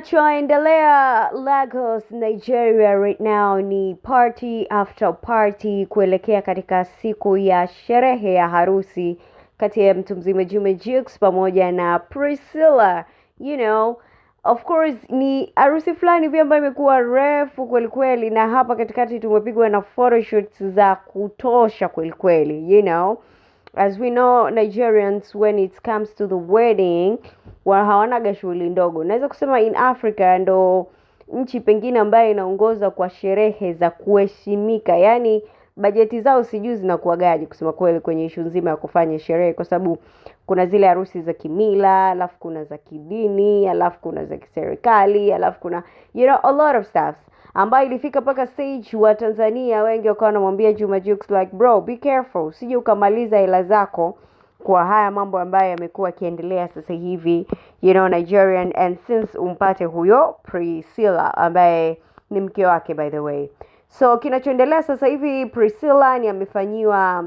Kinachoendelea Lagos, Nigeria right now ni party after party kuelekea katika siku ya sherehe ya harusi kati ya mtu mzima Juma Jux pamoja na Priscilla. You know, of course ni harusi fulani hivi ambayo imekuwa refu kweli kweli, na hapa katikati tumepigwa na photoshoots za kutosha kweli kweli, you know as we know Nigerians when it comes to the wedding wa hawanaga shughuli ndogo. Naweza kusema in Africa ndo nchi pengine ambayo inaongoza kwa sherehe za kuheshimika, yaani bajeti zao sijui zinakuagaji kusema kweli, kwenye ishu nzima ya kufanya sherehe, kwa sababu kuna zile harusi za kimila, alafu kuna za kidini, alafu kuna za kiserikali, alafu kuna you know a lot of stuffs ambayo ilifika mpaka stage wa Tanzania wengi wakawa wanamwambia Juma Jux like bro be careful, usije ukamaliza hela zako kwa haya mambo ambayo yamekuwa yakiendelea sasa hivi you know, Nigerian and since umpate huyo Priscilla ambaye ni mke wake by the way. So kinachoendelea sasa hivi Priscilla ni amefanyiwa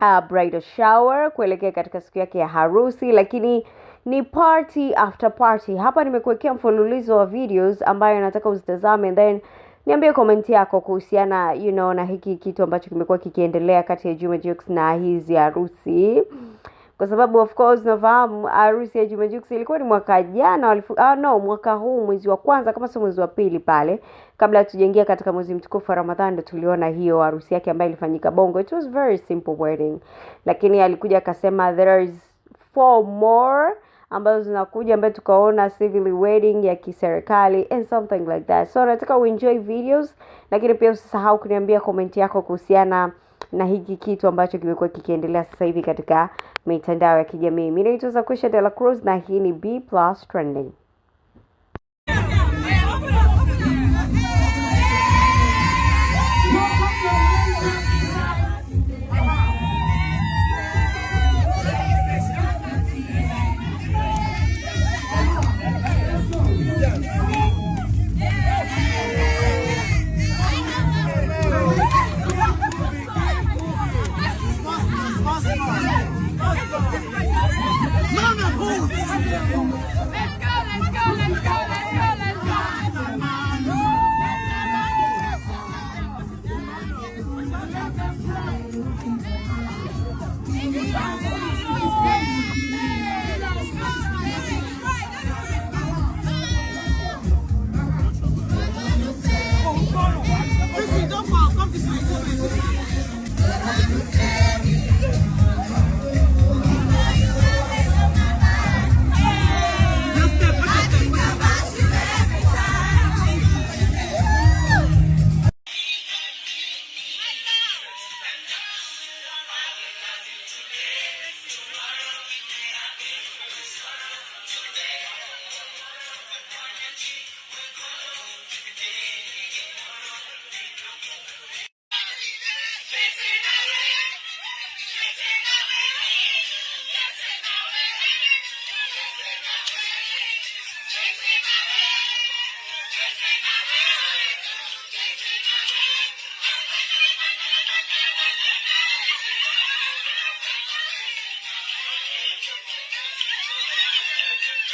uh, bridal shower kuelekea katika siku yake ya harusi, lakini ni party after party. Hapa nimekuwekea mfululizo wa videos ambayo nataka uzitazame then niambie comment yako kuhusiana you know, na hiki kitu ambacho kimekuwa kikiendelea kati ya Juma Jux na hizi harusi, kwa sababu of course nafahamu harusi ya Juma Jux ilikuwa ni mwaka jana walifu, ah, no mwaka huu mwezi wa kwanza kama sio mwezi wa pili pale, kabla tujaingia katika mwezi mtukufu wa Ramadhani, ndo tuliona hiyo harusi yake ambayo ilifanyika Bongo. It was very simple wedding, lakini alikuja akasema there is four more ambazo zinakuja ambayo tukaona civil wedding ya kiserikali and something like that. So nataka uenjoy videos, lakini pia usisahau kuniambia komenti yako kuhusiana na hiki kitu ambacho kimekuwa kikiendelea sasa hivi katika mitandao ya kijamii. Mimi naitwa Zakusha Dela Cruz na hii ni B Trending.